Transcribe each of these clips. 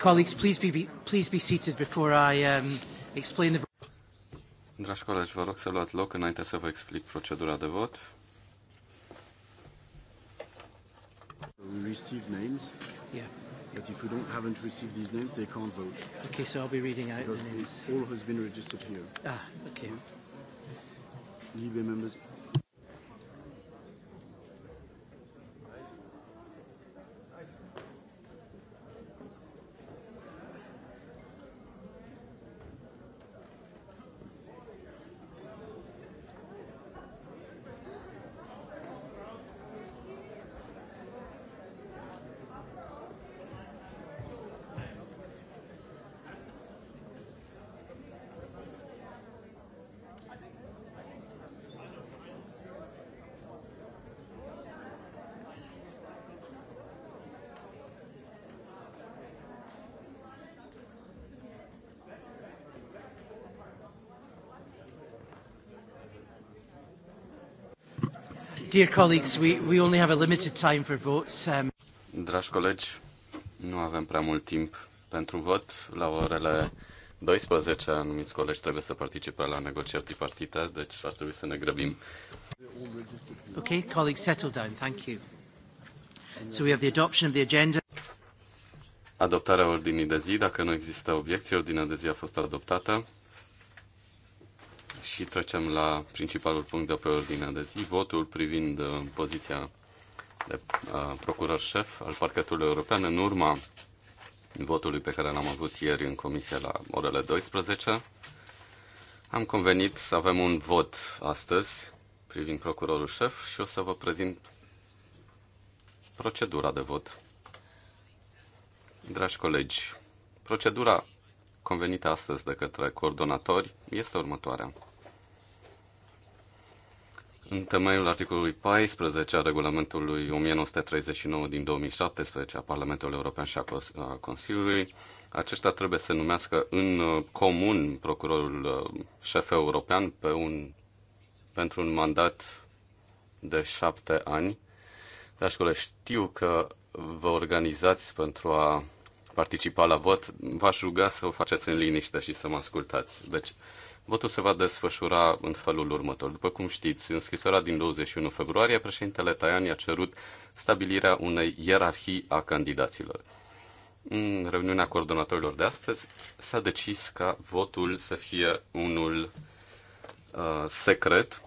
Colleagues, please be, please be seated before I um, explain the... Dragi colegi, vă rog să luați loc înainte să vă explic procedura de vot. We receive names. Yeah. But if we don't haven't received these names, they can't vote. Okay, so I'll be reading out Because the names. All has been registered here. Ah, okay. Liebe members, Dear colleagues, we, we only have a limited time for votes. Um... Dragi colegi, nu avem prea mult timp pentru vot. La orele 12 anumiți colegi trebuie să participe la negocieri tripartite, deci ar trebui să ne grăbim. Ok, colleagues, settle down. Thank you. So we have the adoption of the agenda. Adoptarea ordinii de zi. Dacă nu există obiecții, ordinea de zi a fost adoptată și trecem la principalul punct de pe ordinea de zi, votul privind uh, poziția de uh, procuror șef al parchetului european în urma votului pe care l-am avut ieri în comisie la orele 12. Am convenit să avem un vot astăzi privind procurorul șef și o să vă prezint procedura de vot. Dragi colegi, procedura convenită astăzi de către coordonatori este următoarea. În temeiul articolului 14 a regulamentului 1939 din 2017 a Parlamentului European și a Consiliului, acesta trebuie să numească în uh, comun procurorul uh, șef european pe un, pentru un mandat de șapte ani. Dragi colegi, știu că vă organizați pentru a participa la vot. V-aș ruga să o faceți în liniște și să mă ascultați. Deci, Votul se va desfășura în felul următor. După cum știți, în scrisoarea din 21 februarie, președintele Tajani a cerut stabilirea unei ierarhii a candidaților. În reuniunea coordonatorilor de astăzi s-a decis ca votul să fie unul uh, secret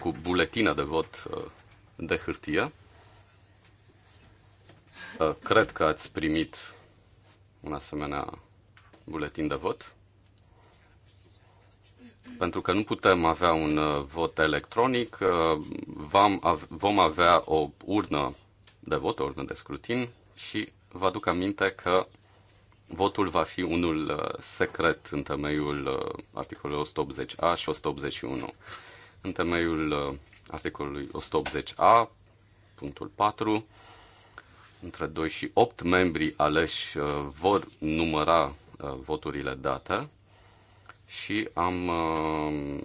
cu buletina de vot uh, de hârtie. Uh, cred că ați primit un asemenea buletin de vot. Pentru că nu putem avea un uh, vot electronic, uh, vom avea o urnă de vot, o urnă de scrutin și vă aduc aminte că votul va fi unul uh, secret în temeiul articolului 180A și 181. În temeiul articolului 180A, punctul 4, între 2 și 8 membri aleși vor număra Uh, voturile date și am, uh,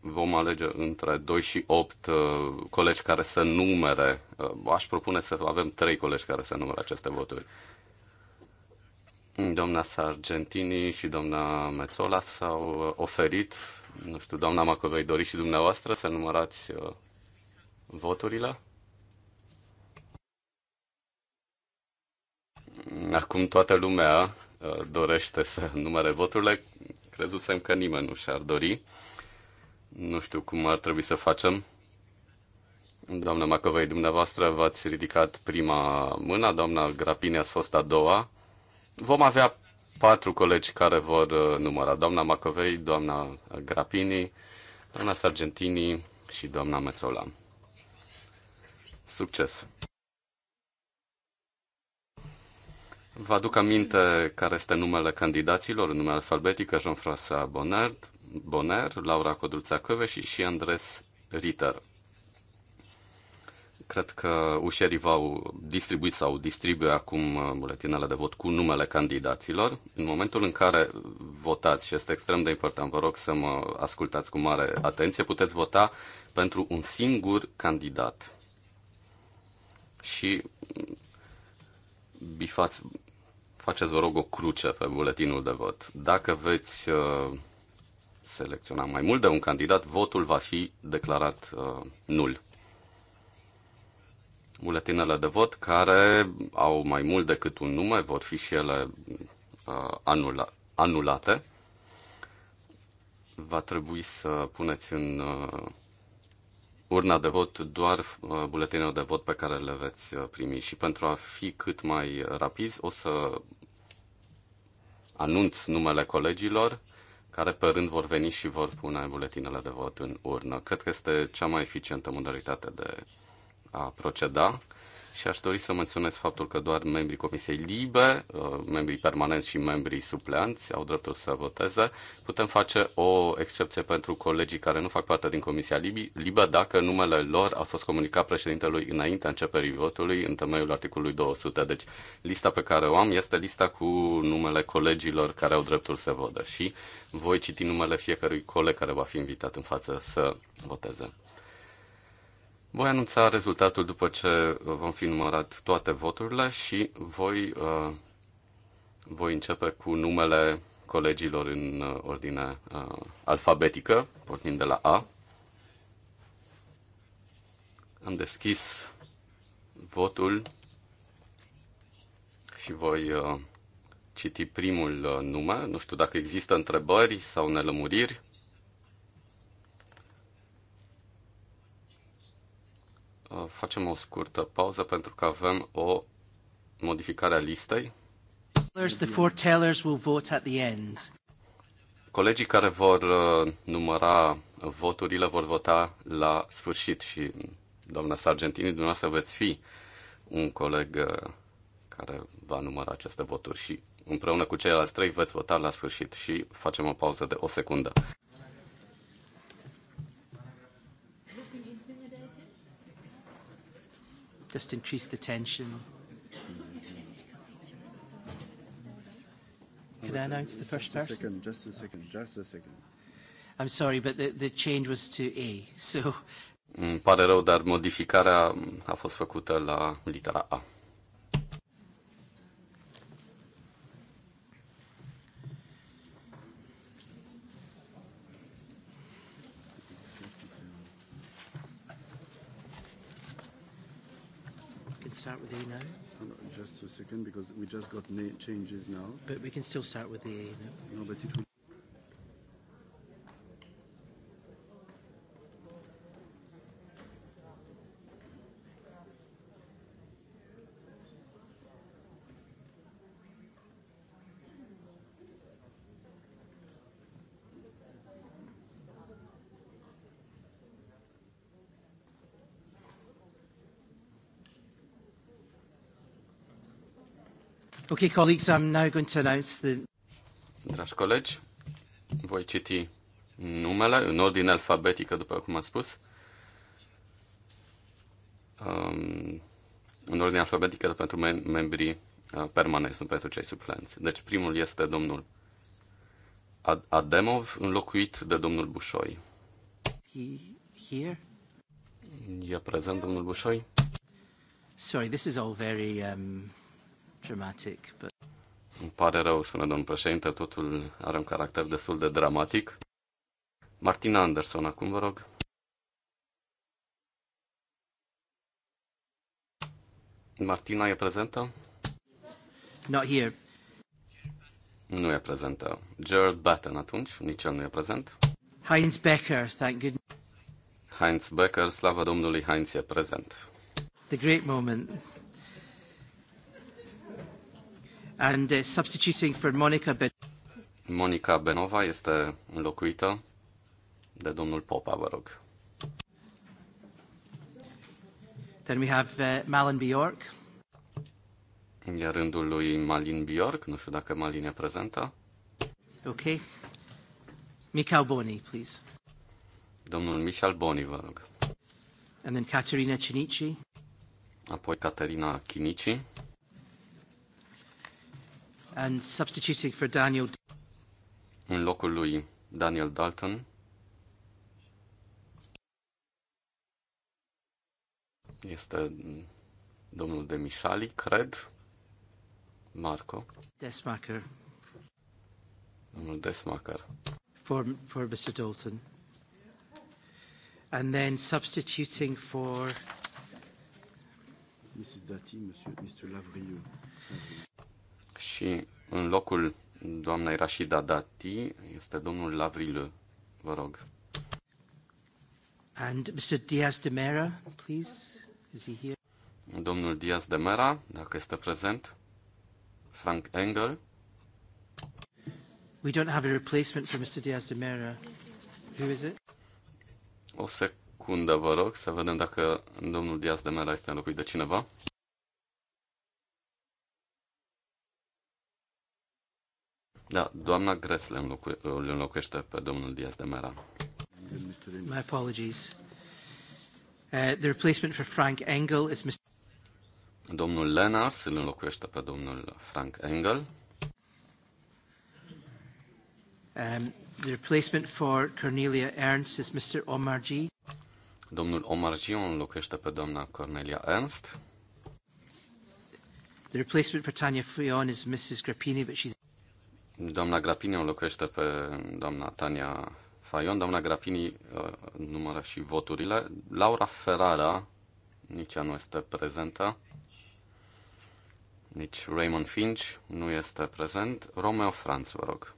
vom alege între 2 și 8 uh, colegi care să numere. Aș propune să avem 3 colegi care să numere aceste voturi. Doamna Sargentini și doamna Mețola s-au oferit, nu știu, doamna Macovei, doriți și dumneavoastră să numărați voturile? Acum toată lumea Uh, dorește să numere voturile. Crezusem că nimeni nu și-ar dori. Nu știu cum ar trebui să facem. Doamna Macovei, dumneavoastră v-ați ridicat prima mână, doamna Grapini a fost a doua. Vom avea patru colegi care vor uh, număra. Doamna Macovei, doamna Grapini, doamna Sargentini și doamna Mețola. Succes! Vă aduc aminte care este numele candidaților, în nume alfabetică, Jean-François Bonner, Bonner, Laura Codruța și, și Andres Ritter. Cred că ușerii v-au distribuit sau distribuie acum uh, buletinele de vot cu numele candidaților. În momentul în care votați, și este extrem de important, vă rog să mă ascultați cu mare atenție, puteți vota pentru un singur candidat. Și bifați faceți, vă rog, o cruce pe buletinul de vot. Dacă veți uh, selecționa mai mult de un candidat, votul va fi declarat uh, nul. Buletinele de vot care au mai mult decât un nume vor fi și ele uh, anula- anulate. Va trebui să puneți în uh, urna de vot doar uh, buletinele de vot pe care le veți uh, primi și pentru a fi cât mai rapid o să anunț numele colegilor care pe rând vor veni și vor pune buletinele de vot în urnă. Cred că este cea mai eficientă modalitate de a proceda și aș dori să menționez faptul că doar membrii Comisiei Libe, uh, membrii permanenți și membrii supleanți au dreptul să voteze. Putem face o excepție pentru colegii care nu fac parte din Comisia Libe dacă numele lor a fost comunicat președintelui înainte începerii votului în temeiul articolului 200. Deci lista pe care o am este lista cu numele colegilor care au dreptul să vote și voi citi numele fiecărui coleg care va fi invitat în față să voteze. Voi anunța rezultatul după ce uh, vom fi numărat toate voturile și voi, uh, voi începe cu numele colegilor în uh, ordine uh, alfabetică, pornind de la A. Am deschis votul și voi uh, citi primul uh, nume. Nu știu dacă există întrebări sau nelămuriri. Uh, facem o scurtă pauză pentru că avem o modificare a listei. The four tellers will vote at the end. Colegii care vor uh, număra voturile vor vota la sfârșit și doamna Sargentini, dumneavoastră veți fi un coleg uh, care va număra aceste voturi și împreună cu ceilalți trei veți vota la sfârșit și facem o pauză de o secundă. Just increase the tension. Can I announce the first person? Just a second, just a second, just a second. I'm sorry, but the, the change was to A, so... Îmi pare rău, dar modificarea a fost făcută la litera A. just a second because we just got changes now. But we can still start with the A. No, but it will Okay, colleagues, I'm now going to announce the... Dragi colegi, voi citi numele în ordine alfabetică, după cum am spus. Um, în ordine alfabetică pentru mem- membrii uh, permanenți, nu pentru cei suplenți. Deci primul este domnul Ad- Ademov, înlocuit de domnul Bușoi. He, here? E prezent domnul Bușoi? Sorry, this is all very um, dramatic, but... Îmi pare rău, spune domnul președinte, totul are un caracter destul de dramatic. Martina Anderson, acum vă rog. Martina e prezentă? Not here. Nu e prezentă. Gerald Batten atunci, nici el nu e prezent. Heinz Becker, thank goodness. Heinz Becker, slavă Domnului Heinz e prezent. The great moment. and uh, substituting for Monica Monica Benova este înlocuită de domnul Popa, vă rog. Then we have uh, Malin Bjork. Iar rândul lui Malin Bjork, nu știu dacă Malin e prezentă. Ok. Michal Boni, please. Domnul Michal Boni, vă rog. And then Caterina Cinici. Apoi Caterina Chinici and substituting for Daniel. În locul lui Daniel Dalton. Este domnul de Mișali, cred. Marco. Desmacher. Domnul Desmacher. For, for Mr. Dalton. And then substituting for... Mrs. Dati, Monsieur, Mr. Lavrieux. Și în locul doamnei Rashida Dati este domnul Lavril. Vă rog. And Mr. Diaz de Mera, please. Is he here? Domnul Diaz de Mera, dacă este prezent. Frank Engel. We don't have a replacement for Mr. Diaz de Mera. Who is it? O secundă, vă rog, să vedem dacă domnul Diaz de Mera este înlocuit de cineva. Da, doamna Gresle înlocu- îl înlocuiește pe domnul Diaz de Mera. My apologies. Uh, the replacement for Frank Engel is Mr. Domnul Lenars îl înlocuiește pe domnul Frank Engel. Um, the replacement for Cornelia Ernst is Mr. G. Domnul Omarji o înlocuiește pe doamna Cornelia Ernst. The replacement for Tanya Fion is Mrs. Grappini, but she's... Doamna Grapini o locuiește pe doamna Tania Faion. Doamna Grapini uh, numără și voturile. Laura Ferrara, nici ea nu este prezentă. Nici Raymond Finch nu este prezent. Romeo Franz, vă rog.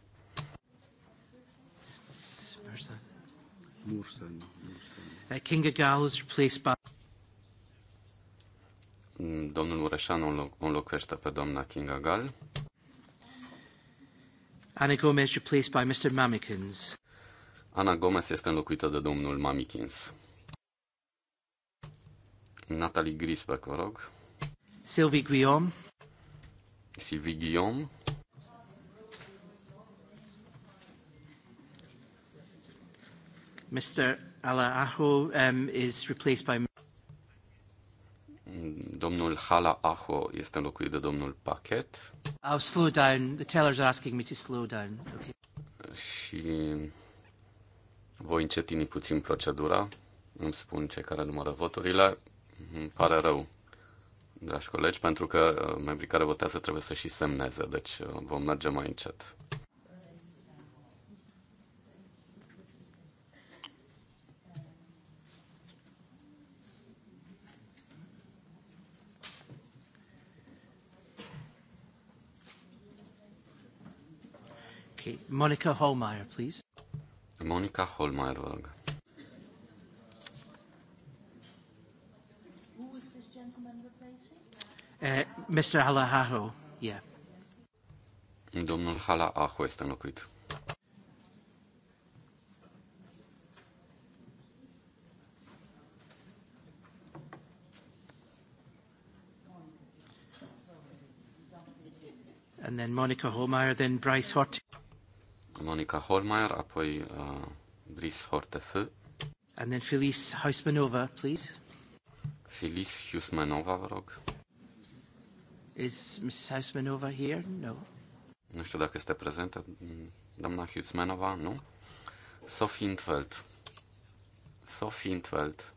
Mursan. Uh, Kinga Gal is replaced by... Domnul Ureșan o este pe doamna Kinga Gal. Ana Gomez replaced by Mr. Mamikins. Ana Gomez este înlocuită de domnul Mamikins. Natalie Grisbeck, vă rog. Sylvie Guillaume. Sylvie Guillaume. Mr. Alaaho um, is replaced by Domnul Hala Aho este înlocuit de domnul Pachet. I'll oh, slow down. The tellers are asking me to slow down. Okay. Și voi încetini puțin procedura. Îmi spun cei care numără voturile. Îmi pare rău, dragi colegi, pentru că uh, membrii care votează trebuie să și semneze, deci uh, vom merge mai încet. Okay. Monica Holmeyer, please. Monica Holmeyer, vă rog. Uh, Mr. Halahaho, yeah. Domnul Halahaho este înlocuit. And then Monica Holmeyer, then Bryce Hort. Monica Holmeyer, apoi uh, Brice Hortef. And then Felice Huismanova, please. Felice Huismanova, vă rog. Is Mrs. Huismanova here? No. Nu știu dacă este prezentă mm, doamna Huismanova, nu? Sophie Intveld. Sophie Intveld.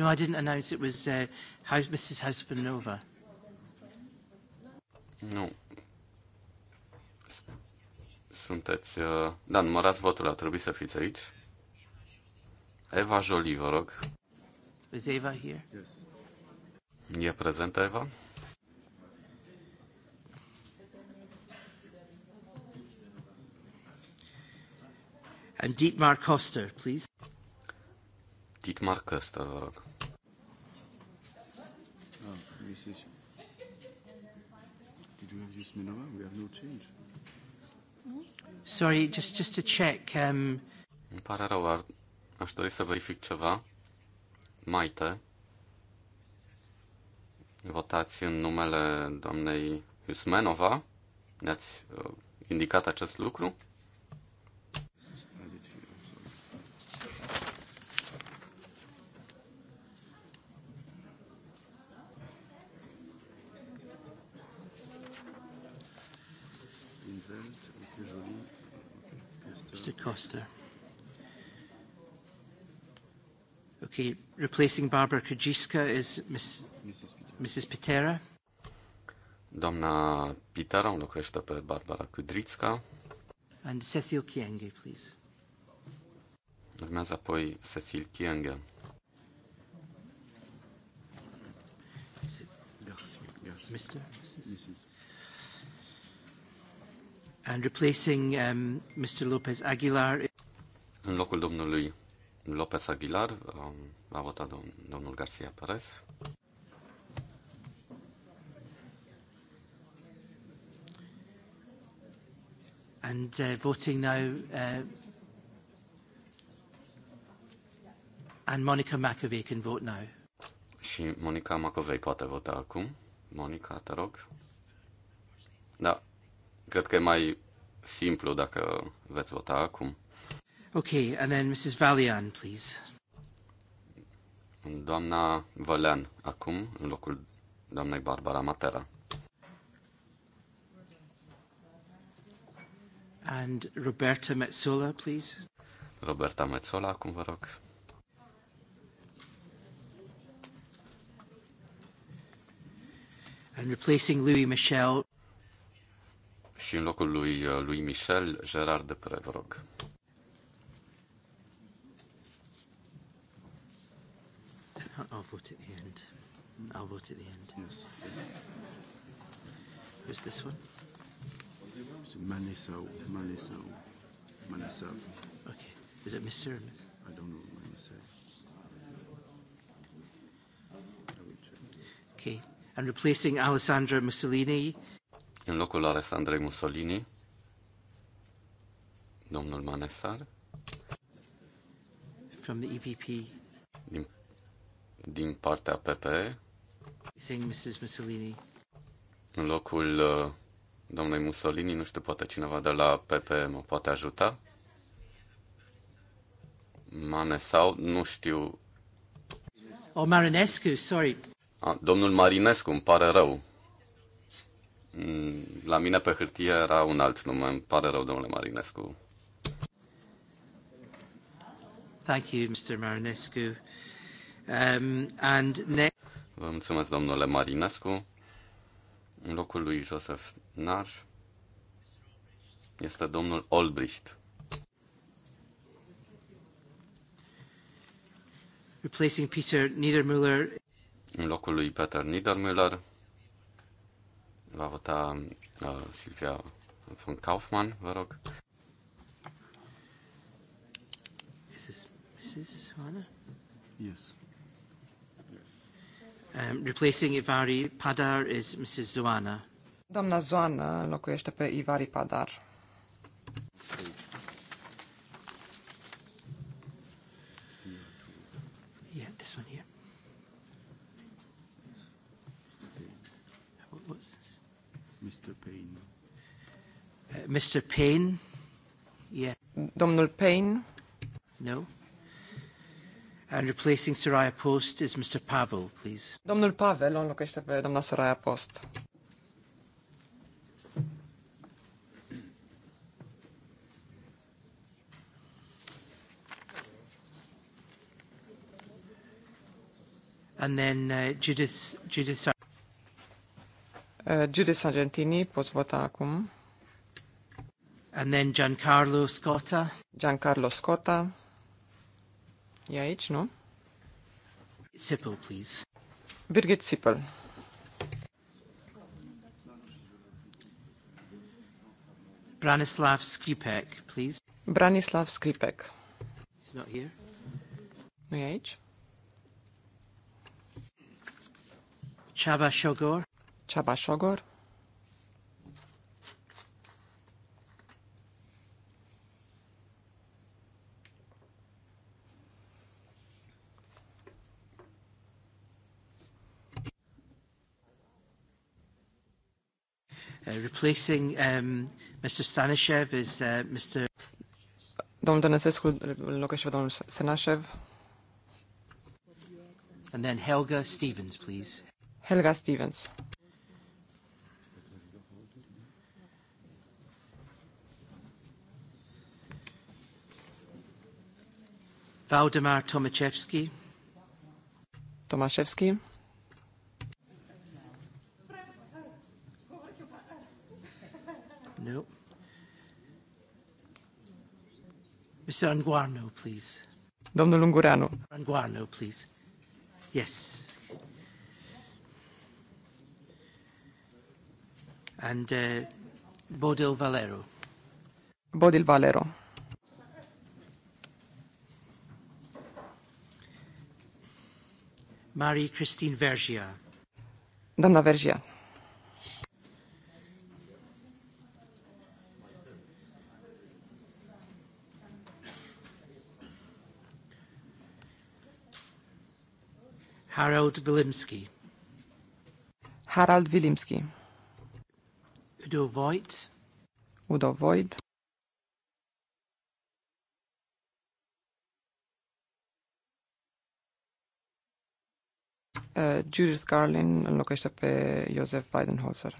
No, I didn't announce it was uh, House, Mrs. Housemanova. Nu. Sunteți... Uh, da, numărați votul, a trebuit să fiți aici. Eva Jolie, vă rog. Is Eva here? Yes. E prezentă Eva? And Dietmar Koster, please. Dietmar Koster, vă rog decision. Did you have just We have no change. Sorry, just, just to check. Um... Îmi pare rău, ar... aș dori să verific ceva. Maite, votați în numele doamnei Husmenova. Ne-ați uh, indicat acest lucru? Okay, replacing Barbara Kujiska is Ms. Mrs. Mrs. Pitera. Doamna Pitera înlocuiește pe Barbara Kudrițca. And Cecil Kienge, please. Urmează apoi Cecil Kienge. Mr. Mrs. And replacing um, Mr. Lopez Aguilar. În locul domnului López Aguilar, um, a votat domnul Garcia Perez. And uh, voting now, uh, and Monica McAvey can vote now. Și Monica McAvey poate vota acum. Monica, te rog. Da, cred că e mai simplu dacă veți vota acum. Okay, and then Mrs. Valian, please. Doamna Valian, acum, în locul doamnei Barbara Matera. And Roberta Metzola, please. Roberta Metzola, acum vă rog. And replacing Louis Michel. Și în locul lui Louis Michel, Gerard Pre, vă rog. I'll vote at the end. I'll vote at the end. Yes. Who's this one? It's Maniso. Maniso. Okay. Is it Mr. or I don't know what Okay. And replacing Alessandra Mussolini. În locul Alessandra Mussolini, domnul Manesar. From the EPP. Din din partea PPE. În locul uh, domnului Mussolini, nu știu, poate cineva de la PP mă poate ajuta. Mane sau, nu știu. Oh, Marinescu, sorry. A, domnul Marinescu, îmi pare rău. Mm, la mine pe hârtie era un alt nume, îmi pare rău, domnule Marinescu. Thank you, Mr. Marinescu. Um, and next... Vă mulțumesc, domnule Marinescu. În locul lui Joseph Nash este domnul Olbricht. Replacing Peter Niedermüller. În locul lui Peter Niedermüller va vota uh, Silvia von Kaufmann, vă rog. Mrs. Mrs. Hanna? Yes. Um, replacing Ivari Padar is Mrs. Zoana. Doamna Zoana locuiește pe Ivari Padar. Yeah, this one here. What, what's this? Mr. Payne. Uh, Mr. Payne? Yeah. Domnul Payne? No. And replacing Soraya Post is Mr. Pavel, please. Domnul Pavel o înlocuiește pe doamna Soraya Post. And then uh, Judith, Judith... Uh, Judith Sargentini, poți vota acum. And then Giancarlo Scotta. Giancarlo Scotta. E aici, nu? Sipple, please. Birgit Sipple. Branislav Skripek, please. Branislav Skripek. He's not here. Nu e aici? Chaba Shogor. Chaba Shogor. replacing um, Mr. Stanishev is uh, Mr. Domnul Tănăsescu locuiește pe domnul Senashev. And then Helga Stevens, please. Helga Stevens. Valdemar Tomaszewski. Tomaszewski. Anguano. Mr. Anguano, please. Domnul Ungureanu. Anguano, please. Yes. And uh, Bodil Valero. Bodil Valero. Marie Christine Vergia. Doamna Vergia. Harold Wilimski. Harald Wilimski. Udo Voigt. Udo Voigt. Uh, Judith Garlin înlocuiește pe Joseph Weidenholzer.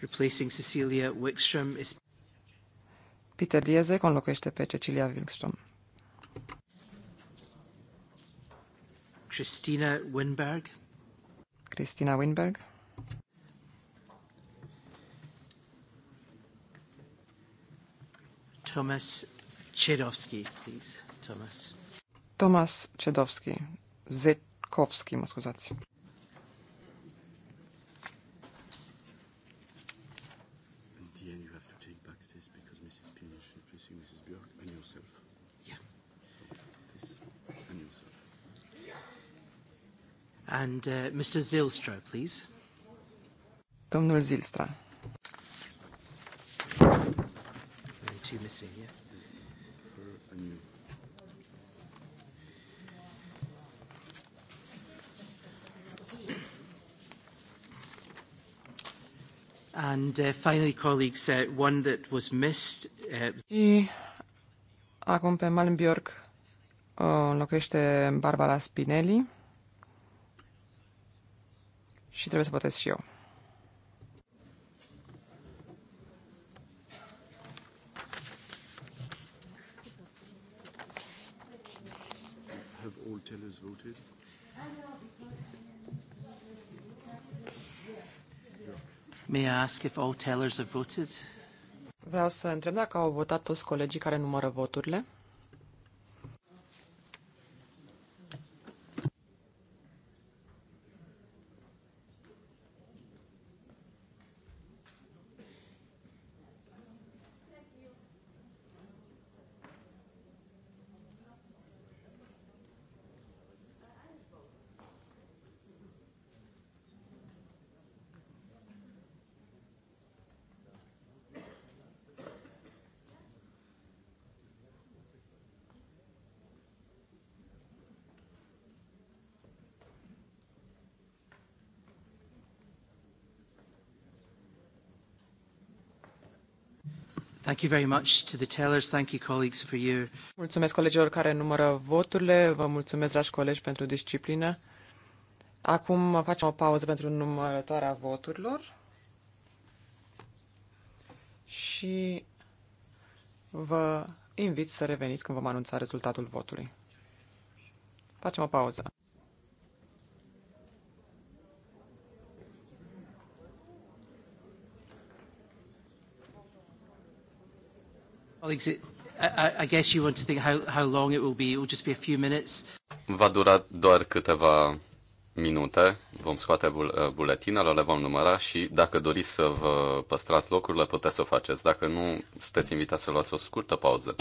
Replacing Cecilia Wickstrom is Peter Diezek înlocuiește pe Cecilia Wickstrom. Christina Winberg. Christina Winberg. Thomas Chedovski, please. Thomas. Thomas Chedovski. Zetkovski, mă scuzați. Mr. Zilstra, please. Domnul Zilstra. And uh, finally, colleagues, uh, one that was missed. Uh... Și acum pe Malmbjörg uh, locuiește Barbara Spinelli și trebuie să votez și eu. May I ask if all tellers have voted? Vreau să întreb dacă au votat toți colegii care numără voturile. Mulțumesc colegilor care numără voturile. Vă mulțumesc, dragi colegi, pentru disciplină. Acum facem o pauză pentru numărătoarea voturilor. Și vă invit să reveniți când vom anunța rezultatul votului. Facem o pauză. Va dura doar câteva minute, vom scoate uh, buletinele, le vom număra și dacă doriți să vă păstrați locurile, puteți să o faceți. Dacă nu, sunteți invitați să luați o scurtă pauză.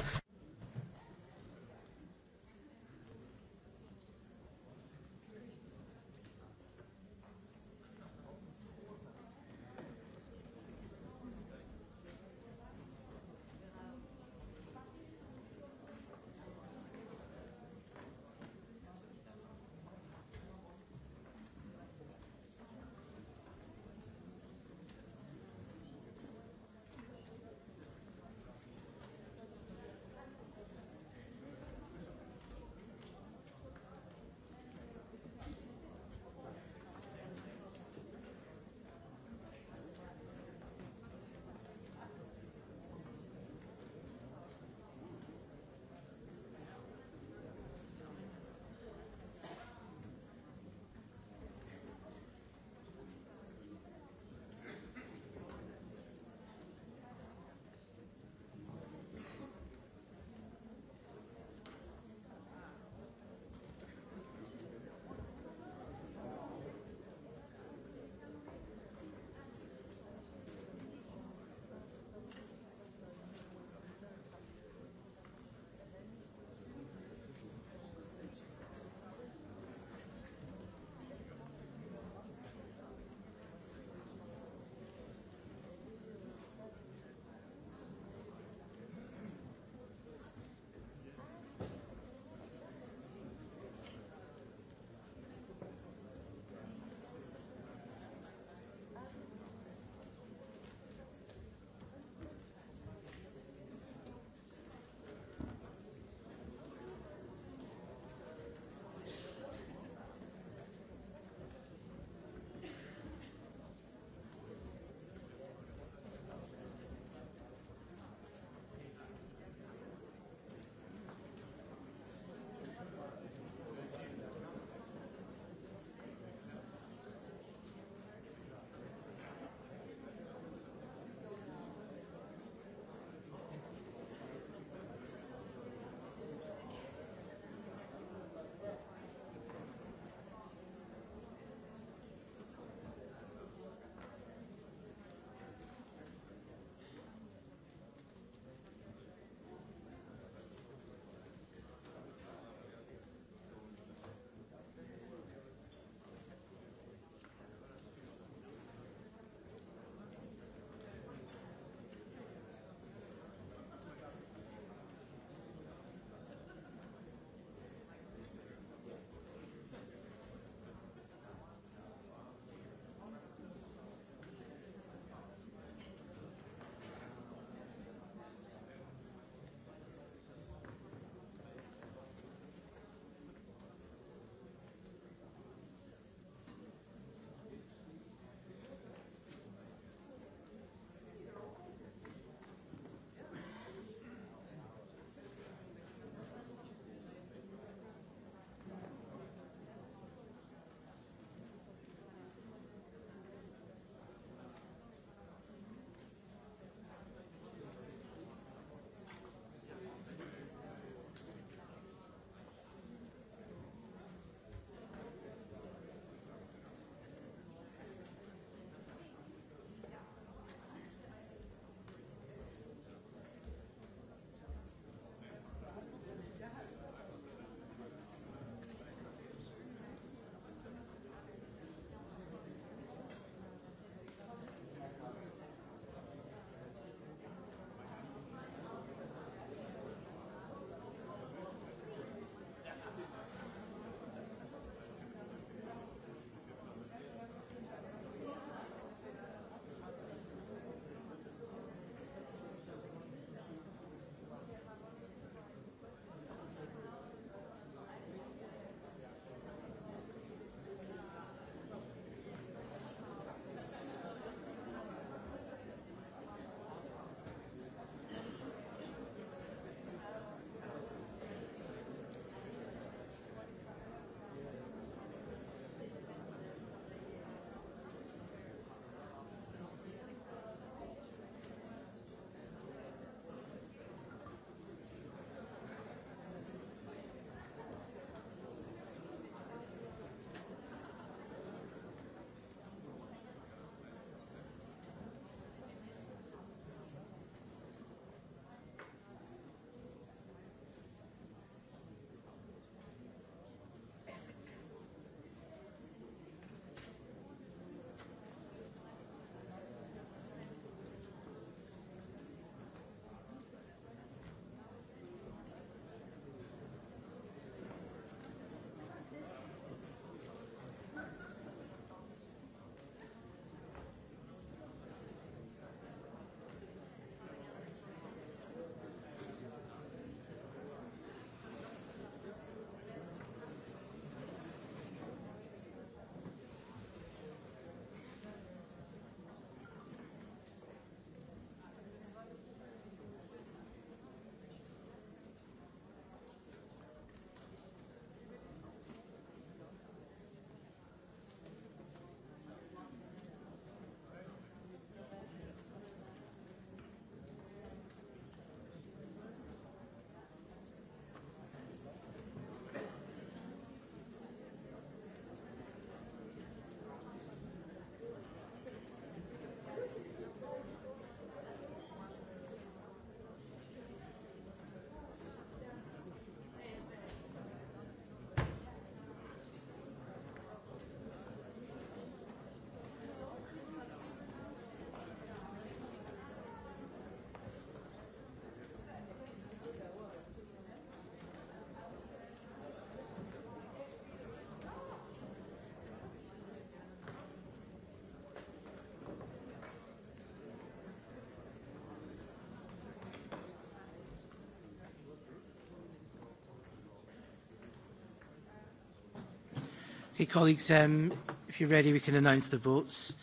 Hey, colleagues, um, if you're ready, we can announce the votes.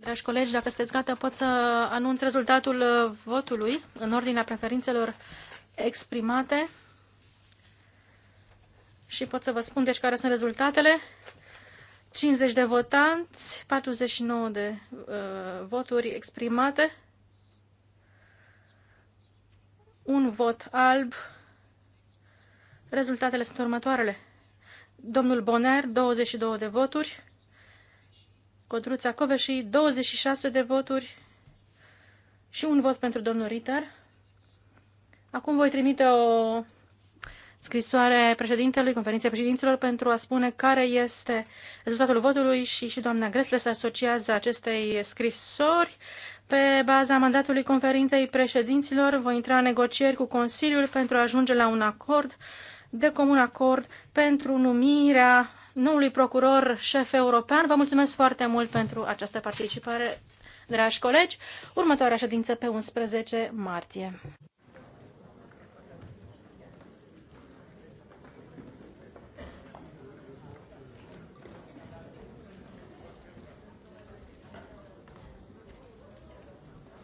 Dragi colegi, dacă sunteți gata, pot să anunț rezultatul uh, votului în ordinea preferințelor exprimate și pot să vă spun deci care sunt rezultatele. 50 de votanți, 49 de uh, voturi exprimate, un vot alb. Rezultatele sunt următoarele. Domnul Boner, 22 de voturi. Codruța Coveșii, 26 de voturi. Și un vot pentru domnul Ritter. Acum voi trimite o scrisoare președintelui Conferinței Președinților pentru a spune care este rezultatul votului și și doamna Gresle se asociază acestei scrisori. Pe baza mandatului Conferinței Președinților voi intra în negocieri cu Consiliul pentru a ajunge la un acord de comun acord pentru numirea noului procuror șef european. Vă mulțumesc foarte mult pentru această participare, dragi colegi. Următoarea ședință pe 11 martie.